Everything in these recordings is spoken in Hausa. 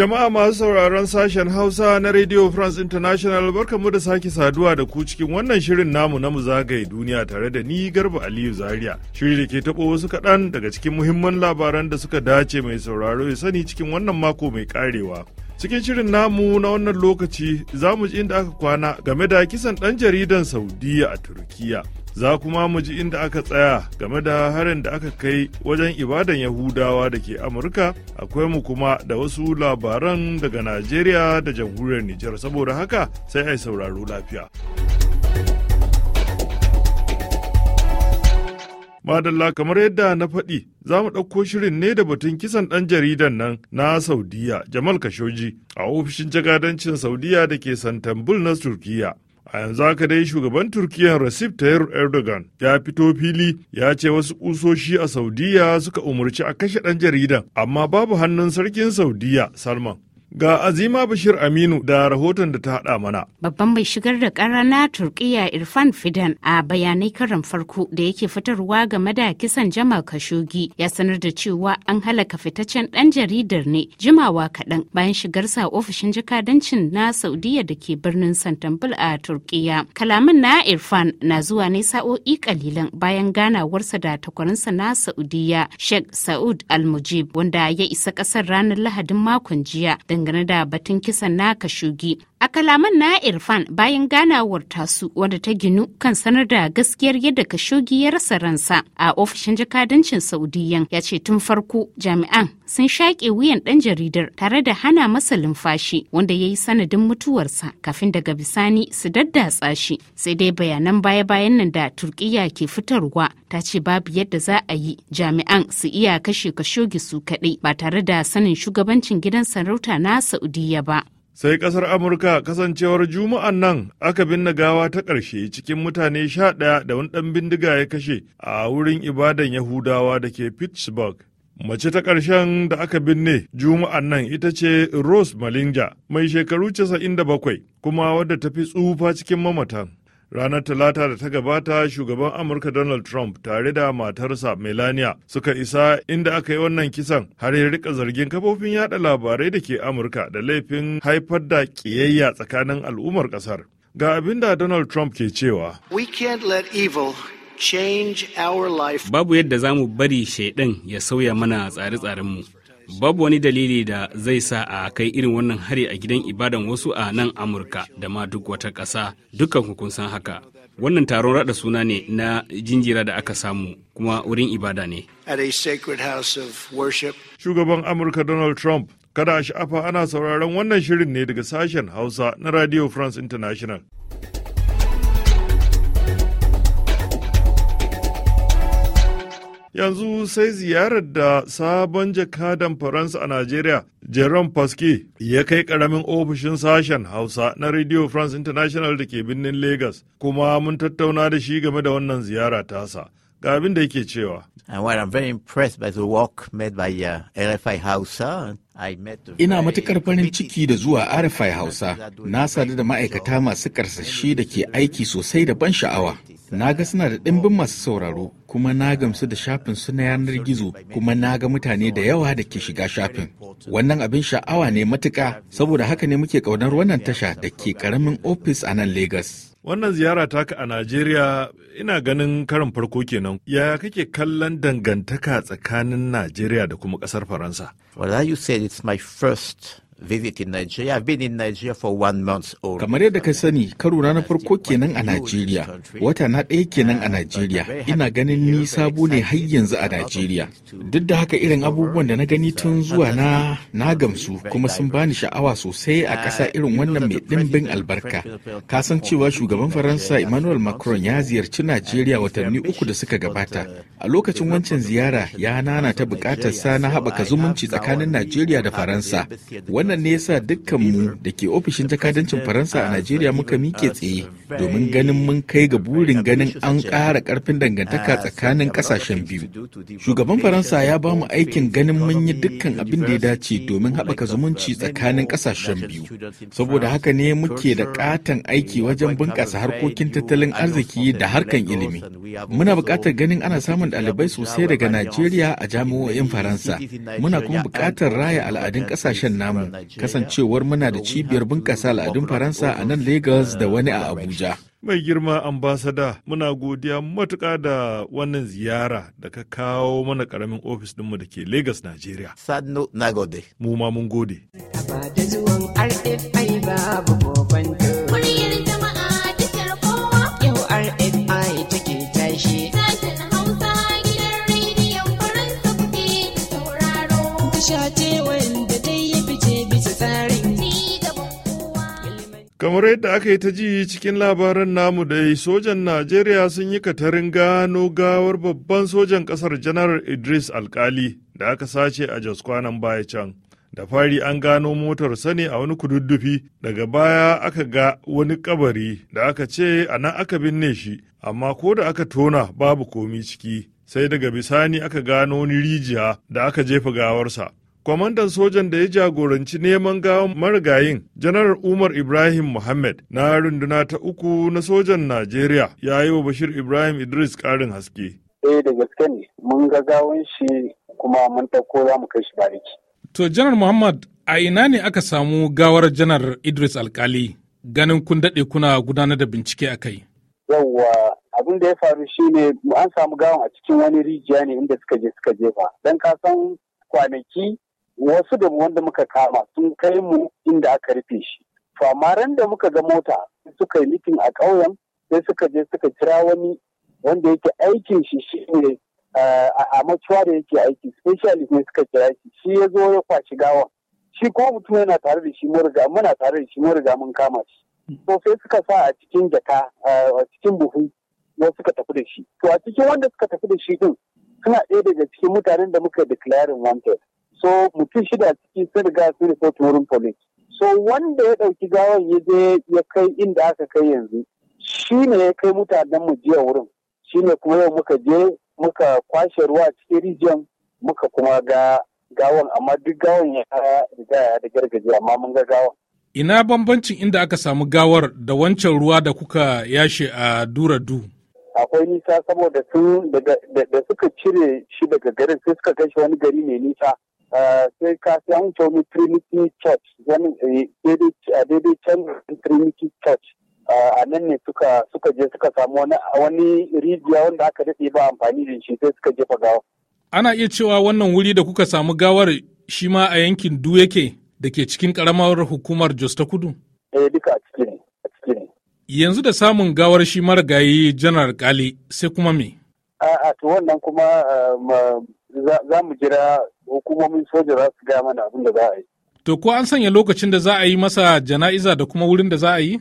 Jama'a masu sauraron sashen Hausa na Radio France International barkamu da sake saduwa da ku cikin wannan shirin namu na mu zagaye duniya tare da ni Garba Aliyu Zaria. Shiri da ke taɓo wasu kaɗan daga cikin muhimman labaran da suka dace mai sauraro ya sani cikin wannan mako mai ƙarewa. Cikin shirin namu na wannan lokaci za mu ji inda aka kwana game da kisan ɗan jaridan Saudiya a Turkiya. za kuma mu ji inda aka tsaya game da harin da aka kai wajen ibadan yahudawa da ke amurka akwai mu kuma da wasu labaran daga najeriya da jamhuriyar nijar saboda haka sai ai sauraro lafiya madalla kamar yadda na faɗi za mu ɗauko shirin ne da batun kisan ɗan jaridan nan na saudiya jamal kashoji a ofishin jagadancin saudiya da ke santambul na turkiyya. a yanzu haka dai shugaban turkiyyar recep tayyip erdogan ya fito fili ya ce wasu ƙusoshi a saudiya suka umarci a kashe ɗan jarida amma babu hannun sarkin saudiya salman Ga Azima Bashir Aminu da rahoton da ta haɗa mana. Babban mai shigar da ƙara na Turkiyya Irfan Fidan a bayanai karan farko da yake fitarwa game da kisan jama kashogi ya sanar da cewa an halaka fitaccen ɗan jaridar ne jimawa kaɗan bayan shigarsa ofishin jakadancin na Saudiya da ke birnin Santambul a Turkiyya. kalamin na Irfan na zuwa ne sa'o'i kalilan bayan ganawarsa da takwarinsa na Saudiya Sheikh Saud Al-Mujib wanda ya isa ƙasar ranar Lahadin makon jiya dangane da batun kisan naka shugi. A kalaman na Irfan bayan ganawar tasu wadda ta ginu kan sanar da gaskiyar yadda Khashoggi ya rasa ransa a ofishin jakadancin Saudiyan ya ce tun farko jami'an sun shaƙe wuyan ɗan jaridar tare da hana masa lumfashi wanda ya yi sanadin mutuwarsa kafin daga bisani su daddatsa shi sai dai bayanan baya-bayan nan da Turkiyya ke fitarwa ta ce babu yadda za a yi jami'an su iya kashe Khashoggi su kaɗai ba tare da sanin shugabancin gidan sarauta na Saudiya ba. sai kasar amurka kasancewar juma'an nan aka binne gawa ta ƙarshe cikin mutane sha ɗaya da wani ɗan bindiga ya kashe a wurin ibadan yahudawa da ke pittsburgh mace ta ƙarshen da aka binne juma'an nan ita ce rose malinja mai shekaru 97 kuma wadda ta fi tsufa cikin mamatan Ranar Talata da ta gabata shugaban Amurka Donald Trump tare da matarsa Melania suka isa inda aka yi wannan kisan har ya rika zargin kafofin yada labarai da ke Amurka da laifin haifar da ƙiyayya tsakanin al'ummar ƙasar. Ga abin da Donald Trump ke cewa. We let evil change our life. Babu yadda za mu bari shaidan ya sauya mana tsare-tsarenmu. Babu wani dalili da zai sa a kai irin wannan hari a gidan ibadan wasu a nan Amurka da ma duk wata ƙasa dukkan kun san haka. Wannan taron rada suna ne na jinjira da aka samu kuma wurin ibada ne. Shugaban Amurka Donald Trump kada a sha'afa ana sauraron wannan shirin ne daga sashen Hausa na Radio France International. yanzu sai ziyarar da sabon jakadan faransa a najeriya jerome paske ya kai karamin ofishin sashen hausa na radio france international da ke birnin lagos kuma mun tattauna da shi game da wannan ziyara tasa ga abin da yake cewa uh, uh, Ina matuƙar farin ciki da zuwa RFI Hausa, na sadu da ma'aikata masu karsashi da ke aiki sosai da ban sha'awa. na ga suna da ɗimbin masu sauraro kuma na gamsu da shafin su na yanar gizo kuma na ga mutane da yawa da ke shiga shafin wannan abin sha'awa ne matuka saboda haka ne muke ƙaunar wannan tasha da ke ƙaramin ofis a nan Legas. Wannan ziyara taka a Najeriya ina ganin karin farko kenan. Yaya kake kallon dangantaka tsakanin Najeriya da kuma ƙasar Faransa? Well, you said it's my first visit in Nigeria. I've been in Nigeria for one month already. Kamar yadda ka sani, karo na farko kenan a Najeriya. Wata na ɗaya kenan a Najeriya. Ina ganin ni sabo ne har yanzu a Najeriya. Duk da haka irin abubuwan da na gani tun zuwa na na gamsu kuma sun bani sha'awa sosai a ƙasa irin wannan mai ɗimbin albarka. Ka san cewa shugaban Faransa Emmanuel Macron ya ziyarci Najeriya watanni uku da suka gabata. A lokacin wancan ziyara ya nana ta buƙatar sa na haɓaka zumunci tsakanin Najeriya da Faransa. Wannan wannan ne yasa mu da ke ofishin jakadancin faransa a najeriya muka mike tsaye domin ganin mun kai ga burin ganin an ƙara ƙarfin dangantaka tsakanin ƙasashen biyu shugaban faransa ya ba mu aikin ganin mun yi dukkan abin da ya dace domin haɓaka zumunci tsakanin ƙasashen biyu saboda haka ne muke da ƙaton aiki wajen bunƙasa harkokin tattalin arziki da harkan ilimi muna buƙatar ganin ana samun ɗalibai sosai daga najeriya a jami'o'in faransa muna kuma buƙatar raya al'adun ƙasashen namu kasancewar muna da cibiyar bunƙasa al'adun Faransa a nan Lagos da uh, wani a Abuja. Mai girma ambasada muna godiya matuƙa da wannan ziyara da ka kawo mana ƙaramin ofis ɗinmu da ke Lagos, Najeriya. Sadno na Mu ma mun gode. Ba da zuwan RFI babu kamar yadda aka yi ta ji cikin labaran namu dai sojan najeriya sun yi katarin gano gawar babban sojan kasar janar idris alkali da aka sace a jos kwanan baya can da fari an gano motar sani a wani kududdufi daga baya aka ga wani kabari da aka ce a nan aka binne shi amma ko da aka tona babu komi ciki sai daga bisani aka gano wani rijiya da aka jefa gawarsa kwamandan sojan da ya jagoranci neman gawan marigayin janar umar ibrahim muhammad na runduna ta uku na sojan najeriya ya yi wa bashir ibrahim idris karin haske eh da gaske ne mun ga gawan shi kuma mun tako za mu kai shi bariki to janar muhammad a ina ne aka samu gawar janar idris alkali ganin kun daɗe kuna gudanar da bincike a kai yawwa abin da ya faru shine an samu gawan a cikin wani rijiya ne inda suka je suka jefa dan ka san kwanaki wasu da wanda muka kama sun kai mu inda aka rufe shi to amma ran da muka ga mota suka yi mitin a ƙauyen sai suka je suka kira wani wanda yake aikin shi shi ne eh, a matuwa da yake aiki specialist ne suka kira shi shi ya zo ya kwashi gawan shi ko mutum yana tare da shi mun riga muna tare da shi mun riga mun kama shi to sai suka sa a cikin jaka eh, a cikin buhu wasu suka tafi da shi to a cikin wanda suka tafi da shi din suna ɗaya daga cikin mutanen da muka declaring wanted so mutum shida ciki sun riga sun rikota wurin police so wanda ya ɗauki gawar ya je ya kai inda aka kai yanzu shi ne ya kai mutanen mu jiya wurin shi ne kuma yau muka je muka kwashe ruwa cikin rijiyan muka kuma ga gawan amma duk gawan ya riga ya da gargaje amma mun ga gawan ina bambancin inda aka samu gawar da wancan ruwa da kuka yashe a dura du akwai nisa saboda sun da suka cire shi daga garin sai suka kai wani gari mai nisa Eh, sai ka sai an tomi Trinity Church zan eh, a daidai can Trinity Church eh, a nan ne suka suka je suka samu wani rijiya wanda aka daɗe ba amfani da shi sai suka jefa gawa. Ana iya cewa wannan wuri da kuka samu gawar shi ma a yankin du yake da ke cikin karamar hukumar Jos ta Kudu? Eh duka a ciki ne. Yanzu da samun gawar shi marigayi janar Kali sai kuma me? A'a to wannan kuma za mu jira hukumomin soja za su gaya mana abin da za a yi. To ko an sanya lokacin da za a yi masa jana'iza da kuma wurin da za a yi?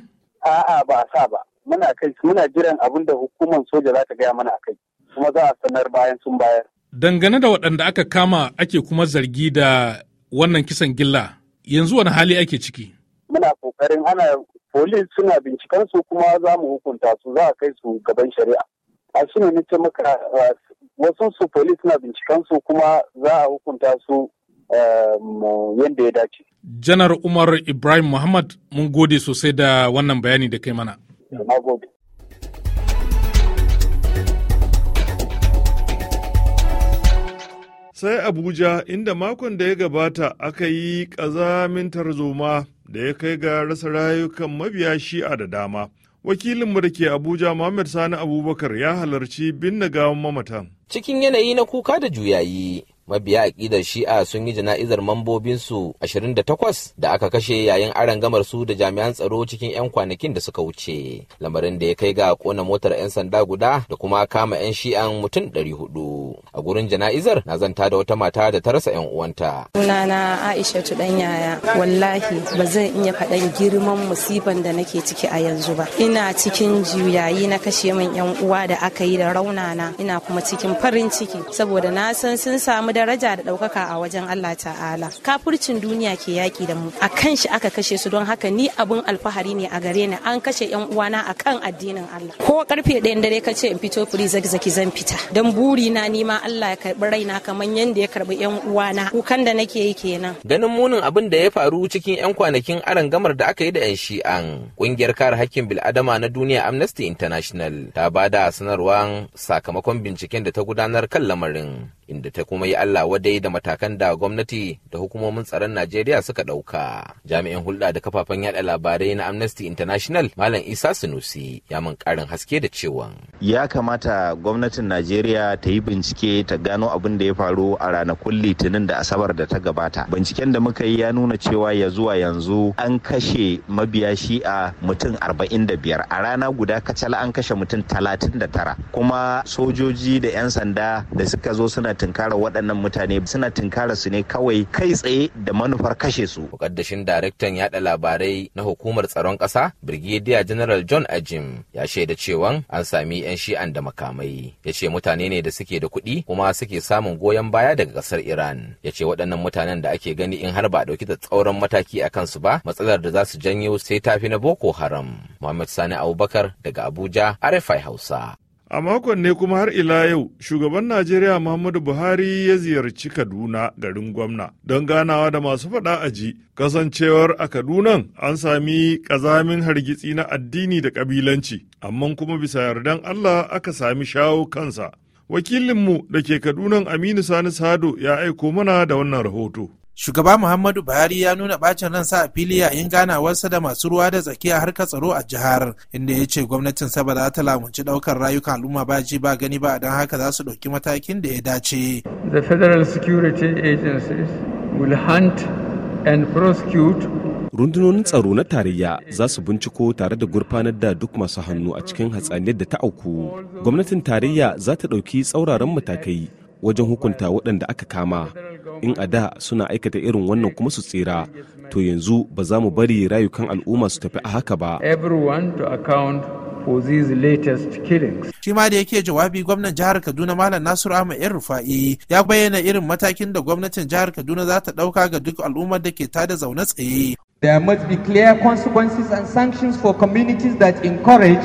A'a ba a sa ba. Muna kai muna jiran abin da hukumar soja za ta gaya mana a kai. Kuma za a sanar bayan sun bayar. Dangane da waɗanda aka kama ake kuma zargi da wannan kisan gilla, yanzu wani hali ake ciki? Muna kokarin ana polis suna binciken su kuma za mu hukunta su za a kai su gaban shari'a. a suna ne nace maka eh, wasu su police na binciken su kuma za a hukunta su eh, yadda ya dace. Janar Umar Ibrahim Muhammad mun gode sosai da wannan bayani da kai mana. sai Abuja inda makon da ya gabata aka yi ƙazamin tarzoma da ya kai ga rasa rayukan mabiya shi'a da dama wakilinmu da ke abuja muhammad sani abubakar ya halarci binne gawan mamatan cikin yanayi na kuka da juyayi mabiya aƙidar shi'a sun yi jana'izar mambobinsu 28 da aka kashe yayin aron gamar su da jami'an tsaro cikin 'yan kwanakin da suka wuce lamarin da ya kai ga kona motar 'yan sanda guda da kuma kama 'yan shi'an mutum 400 a gurin jana'izar na zanta da wata mata da ta rasa 'yan uwanta sunana aisha tudan yaya wallahi ba zan iya faɗan girman musiban da nake ciki a yanzu ba ina cikin juyayi na kashe min 'yan uwa da aka yi da raunana ina kuma cikin farin ciki saboda na san sun samu daraja da ɗaukaka a wajen Allah ta'ala kafurcin duniya ke yaƙi da mu a kan shi aka kashe su don haka ni abin alfahari ne a gare ni an kashe yan uwana a kan addinin Allah ko karfe ɗaya dare ka ce in fito firi zaki zan fita don buri na nima Allah ya karɓi raina kamar yadda ya karɓi yan uwana kukan da nake yi kenan ganin munin abin da ya faru cikin yan kwanakin aron gamar da aka yi da yan shi'an ƙungiyar kare hakkin bil'adama na duniya Amnesty International ta bada sanarwar sakamakon binciken da ta gudanar kan lamarin inda ta kuma yi Allah wadai da matakan da gwamnati da hukumomin tsaron Najeriya suka ɗauka. Jami'in hulɗa da kafafen yaɗa labarai na Amnesty International Malam Isa Sunusi ya min ƙarin haske da cewa. Ya kamata gwamnatin Najeriya ta yi bincike ta gano abin da ya faru a ranakun Litinin da Asabar da ta gabata. Binciken da muka yi ya nuna cewa ya zuwa yanzu an kashe mabiya shi a mutum arba'in da biyar, a rana guda kacal an kashe mutum talatin da tara, kuma sojoji da 'yan sanda da suka zo suna tunkara waɗannan mutane suna tunkara su ne kawai kai tsaye da manufar kashe su. Mukaddashin daraktan yaɗa labarai na hukumar tsaron ƙasa Brigadier General John Ajim ya shaida cewa an sami 'yan shi'an da makamai. Ya ce mutane ne da suke da kuɗi kuma suke samun goyon baya daga ƙasar Iran. Ya ce waɗannan mutanen da ake gani in har ba ɗauki da tsauran mataki a kansu ba matsalar da za su janyo sai tafi na Boko Haram. Muhammad Sani Abubakar daga Abuja, RFI Hausa. A makon ne kuma har ila yau shugaban Najeriya Muhammadu Buhari ya ziyarci Kaduna garin gwamna don ganawa da masu faɗa aji kasancewar a Kadunan an sami ƙazamin hargitsi na addini da ƙabilanci amma kuma bisa yardan Allah aka sami shawo kansa. Wakilinmu da ke Kadunan Aminu Sani Sado ya aiko mana da wannan rahoto. Shugaba Muhammadu Buhari ya nuna bacin ransa a fili yayin ganawarsa da masu ruwa da tsakiya harkar tsaro a jihar, inda ya ce gwamnatin sa ba za ta lamunci daukar rayukan al'umma ba ji ba gani ba don haka za su ɗauki matakin da ya dace. The Federal Security Agencies will hunt and prosecute rundunonin tsaro na tarayya za su binciko tare da gurfanar da duk masu hannu a cikin hatsaniyar da ta auku gwamnatin tarayya za ta ɗauki tsauraran matakai wajen hukunta waɗanda aka kama in a da suna aikata irin wannan kuma su tsira to yanzu ba za mu bari rayukan al'umma su tafi a haka ba Shi ma da yake jawabi gwamnan jihar Kaduna Malam Nasiru Ahmad ‘yan Rufa'i ya bayyana irin matakin da gwamnatin jihar Kaduna za ta ɗauka ga duk al'ummar da ke ta da zaune tsaye. There must be clear consequences and sanctions for communities that encourage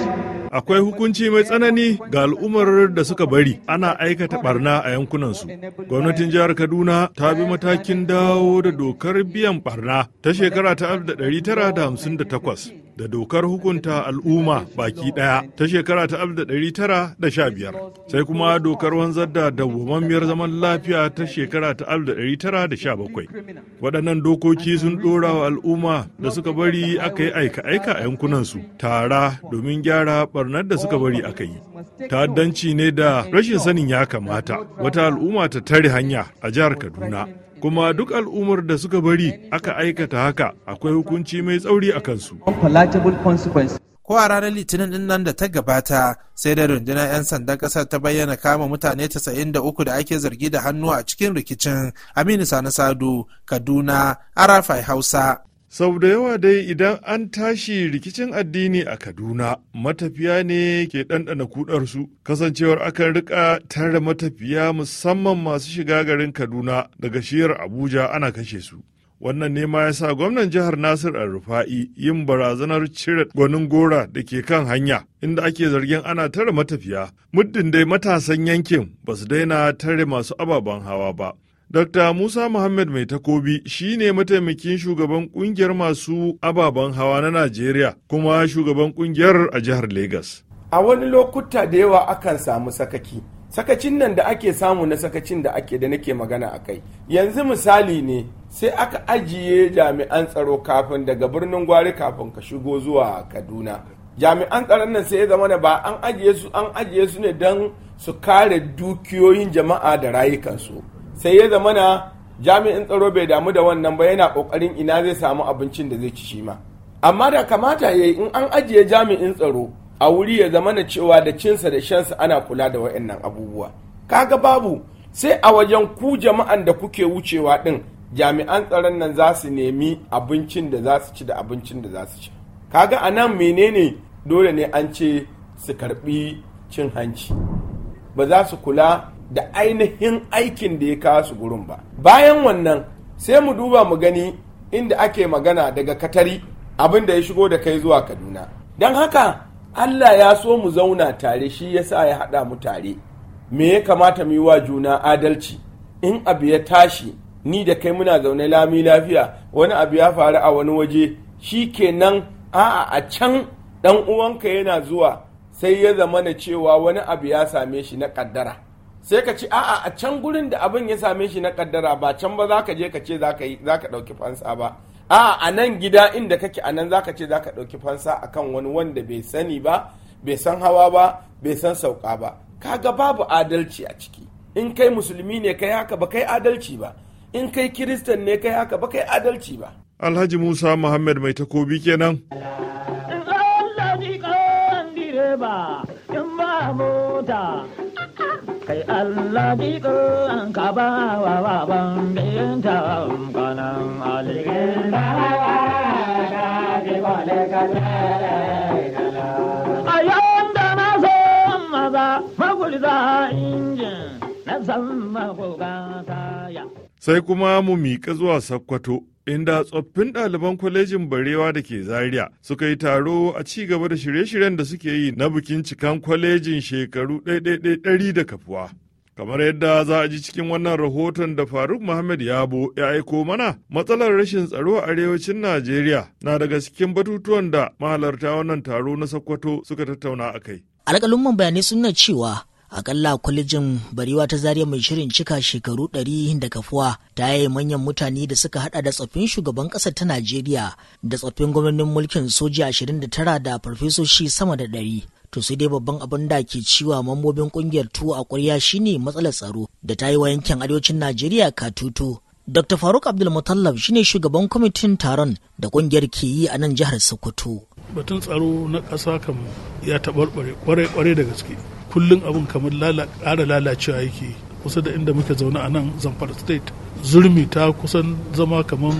akwai hukunci mai tsanani ga al'ummar da suka bari ana aikata barna a yankunansu. Gwamnatin jihar Kaduna ta bi matakin dawo da dokar biyan barna ta shekara ta 1958 da dokar hukunta al'umma baki ɗaya ta shekara ta 1915 sai kuma dokar wanzar da dawwammamiyar zaman lafiya ta shekara ta 1917 waɗannan dokoki sun ɗora wa al'umma da suka bari aka yi aika-aika a yankunansu tara domin gyara barnar da suka bari aka yi ta'addanci ne da rashin sanin ya kamata wata al'umma ta tare hanya a jihar kaduna kuma duk al'ummar da suka bari aka aikata haka akwai hukunci mai tsauri a kansu. Ko a ranar Litinin din nan da ta gabata sai da rundunar 'yan sandan kasar ta bayyana kama mutane 93 da ake zargi da hannu a cikin rikicin Aminu Sani Sadu, Kaduna, Arafai Hausa. Sau da yawa dai idan an tashi rikicin addini a Kaduna, matafiya ne ke ɗanɗana kudarsu, kasancewar akan rika tare matafiya musamman masu shiga garin Kaduna daga shiyar Abuja ana kashe su. Wannan ne ma ya sa gwamnan jihar Nasir al Rufa'i yin barazanar cire gwanin gora da ke kan hanya, inda ake zargin ana tare matafiya, muddin dai matasan yankin ba su daina tare masu ababen hawa ba. Dr. Musa Muhammad Mai Takobi shi ne mataimakin shugaban kungiyar masu ababen hawa na Najeriya kuma shugaban kungiyar a jihar Legas. A wani lokuta da yawa akan samu sakaki. Sakacin nan da ake samu na sakacin da ake da nake magana a kai. Yanzu misali ne sai aka ajiye jami'an tsaro kafin daga birnin gwari kafin ka shigo zuwa Kaduna. Jami'an tsaron nan sai ya zama ba an ajiye su an ajiye su ne don su kare dukiyoyin jama'a da rayukansu. sai ya zamana jami'in tsaro bai damu da wannan ba yana kokarin ina zai samu abincin da zai ci shi ma amma da kamata ya in an ajiye jami'in tsaro a wuri ya zamana cewa da cinsa da shansa ana kula da waɗannan abubuwa kaga babu sai a wajen ku jama'an da kuke wucewa ɗin jami'an tsaron nan za su nemi abincin da za su ci da abincin da za su ci kaga a nan menene dole ne an ce su karbi cin hanci ba za su kula da ainihin aikin da ya kawo su gurin ba bayan wannan sai mu duba mu gani inda ake magana daga katari abin da ya shigo da kai zuwa kaduna don haka allah ya so mu zauna tare shi ya sa ya haɗa mu tare me ya kamata mu yi wa juna adalci in abu ya tashi ni da kai muna zaune lami lafiya wani abu ya faru a wani waje shi kenan a'a a can Ɗan uwanka yana zuwa sai ya zama na cewa wani abu ya same shi na ƙaddara. sai ka ci a'a a can gurin da abin ya same shi na kaddara ba can ba za ka je ka ce za ka ɗauki fansa ba a'a a nan gida inda kake a nan za ka ce za ka ɗauki fansa a kan wani wanda bai sani ba bai san hawa ba bai san sauka ba kaga babu adalci a ciki in kai musulmi ne kai haka ba kai adalci ba in kai kiristan ne kai haka ba kai adalci ba alhaji musa muhammad mai takobi kenan ba in ba mota kai Allah bi an ka wa wa ban bin ta kanan aligin da wa ka ji wale a yau da na so maza magulza injin na ga ta. sai kuma mu miƙa zuwa sakkwato Inda tsoffin ɗaliban kwalejin Barewa da ke Zaria suka yi taro a ci gaba da shirye-shiryen da suke yi na bikin cikan kwalejin shekaru ɗari da kafuwa. Kamar yadda za a ji cikin wannan rahoton da Faruk Muhammad Yabo ya aiko mana, matsalar rashin tsaro a arewacin Najeriya na daga cikin batutuwan da mahalarta wannan taro na Sokoto suka tattauna a kai. Alƙalin bayanai sun cewa akalla kwalejin barewa ta Zariya mai shirin cika shekaru ɗari da kafuwa ta yi manyan mutane da suka hada da tsoffin shugaban ƙasar ta najeriya da tsoffin gwamnonin mulkin soji 29 da farfesoshi sama da ɗari to sai dai babban abin da ke ciwa mambobin ƙungiyar tuwo a ƙwarya shine matsalar tsaro da ta yi wa yankin arewacin najeriya katutu dr faruk abdulmutallab shine shugaban kwamitin taron da ƙungiyar ke yi a nan jihar sokoto batun tsaro na ƙasa kam ya taɓarɓare ƙwarai-ƙwarai da gaske kullum abin kamar ƙara lalacewa yake kusa da inda muke zaune a nan zamfara state zurmi ta kusan zama kamar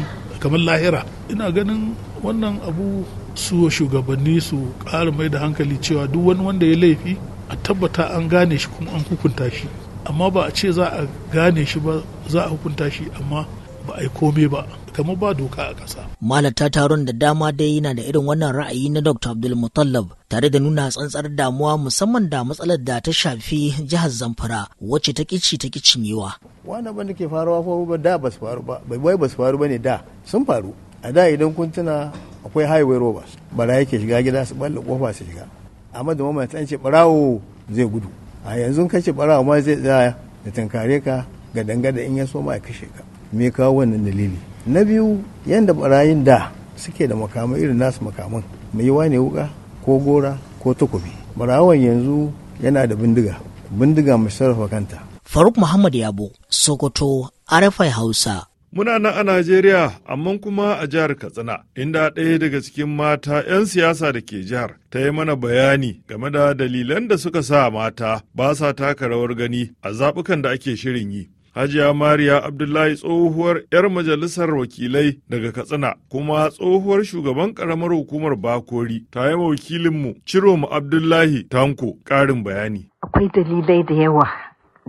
lahira ina ganin wannan abu su shugabanni su ƙara mai da hankali cewa duk wani wanda ya laifi a tabbata an gane shi kuma an hukunta shi amma ba a ce za a gane shi ba za a hukunta shi amma ba a yi komai ba kamar ba doka a ƙasa. Malata taron da dama dai yana da irin wannan ra'ayi na Dr. Abdul Mutallab tare da nuna tsantsar damuwa musamman da matsalar da ta shafi jihar Zamfara wacce ta kici ta kicinyewa. Wani abin da ke faruwa faru ba da ba su faru ba wai ba su faru ba ne da sun faru. A da idan kun tuna akwai highway robbers bara yake shiga gida su balle kofa su shiga. Amma da mamaye ta ce barawo zai gudu. A yanzu kace barawo ma zai tsaya da tankare ka ga dangada in ya so ma ya kashe ka. me kawo wannan dalili na biyu yadda barayin da suke da makamai irin nasu makaman mai yiwa ne wuka ko gora ko takobi barawan yanzu yana da bindiga bindiga mai sarrafa kanta faruk muhammad yabo sokoto arafai hausa Muna nan a Najeriya, amma kuma a jihar Katsina, inda ɗaya daga cikin mata 'yan siyasa da ke jihar ta yi mana bayani game da dalilan da suka sa mata ba sa taka rawar gani a zaɓukan da ake shirin yi. Hajiya Mariya Abdullahi tsohuwar 'yar majalisar wakilai daga Katsina kuma tsohuwar shugaban karamar hukumar Bakori ta yi wakilinmu Ciroma Abdullahi Tanko ƙarin bayani. Akwai dalilai da yawa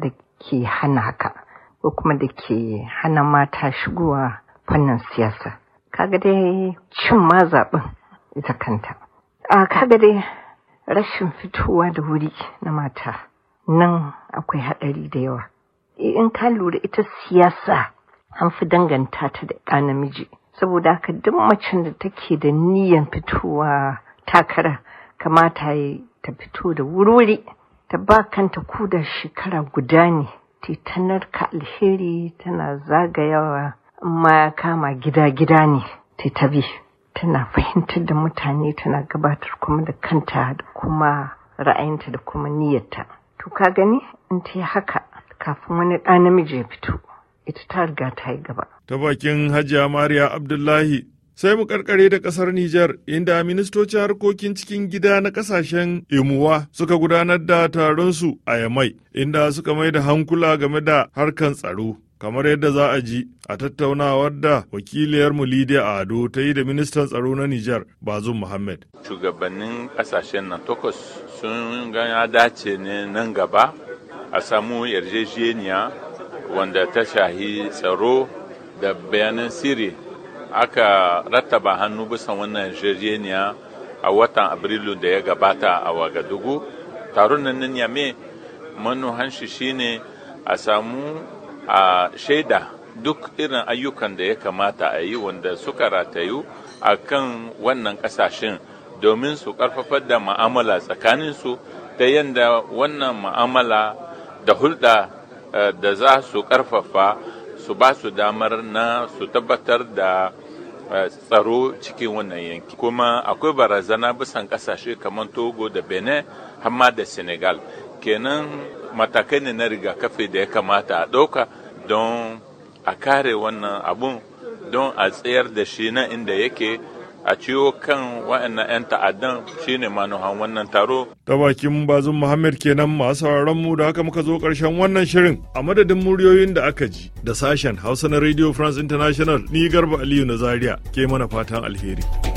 da ke hana haka ko kuma da ke hana mata shigowa fannin siyasa. Kaga dai cin ma zaɓin ita kanta. A kaga dai rashin fitowa da wuri na mata nan akwai haɗari da yawa. in ka lura ita siyasa an fi danganta ta da ɗa namiji saboda haka duk macen da take da niyan fitowa takara kamata ya ta fito da wuri ta ba kanta ko da shekara guda ne titanar ka alheri tana zagayawa amma ya kama gida-gida ne ta tabi. tana fahimtar da mutane tana gabatar kuma da kanta da kuma ra'ayinta da kuma niyyarta to ka gani in ta yi haka kafin wani ɗa namiji ya fito ita ta riga ta yi gaba. Ta bakin Hajiya Mariya Abdullahi sai mu karkare da kasar Nijar inda ministocin harkokin cikin gida na kasashen Imuwa suka gudanar da taronsu a Yamai inda suka mai da hankula game da harkan tsaro. Kamar yadda za a ji a tattaunawar da wakiliyarmu Lidiya Ado ta yi da ministan tsaro na Nijar Bazum Muhammad. Shugabannin kasashen nan takwas sun gaya dace ne nan gaba a samu yarjejeniya wanda ta shahi tsaro da bayanan sirri aka rattaba hannu bisa wannan yarjejeniya a watan abrilu da ya gabata a wagadugu taron nan na yame manu shi shine a samu a shaida duk irin ayyukan da ya kamata a yi wanda suka ratayu a kan wannan kasashen domin su karfafar da ma'amala tsakaninsu ta yadda wannan ma'amala da hulɗa eh, da za su ƙarfafa su ba su damar na su tabbatar da eh, tsaro cikin wannan yanki kuma akwai barazana bisan ƙasashe kamar togo da benin hamma da senegal kenan matakai ne na rigakafi da ya kamata a ɗauka don a kare wannan abun don a tsayar da shi na inda yake a ciwo kan waɗannan 'yan ta'addan shine manuhan wannan taro. Ta bakin bazin Muhammad kenan masu sauraron mu da haka muka zo ƙarshen wannan shirin a madadin muryoyin da aka ji da sashen Hausa na Radio France International ni Garba Aliyu na Zaria ke mana fatan alheri.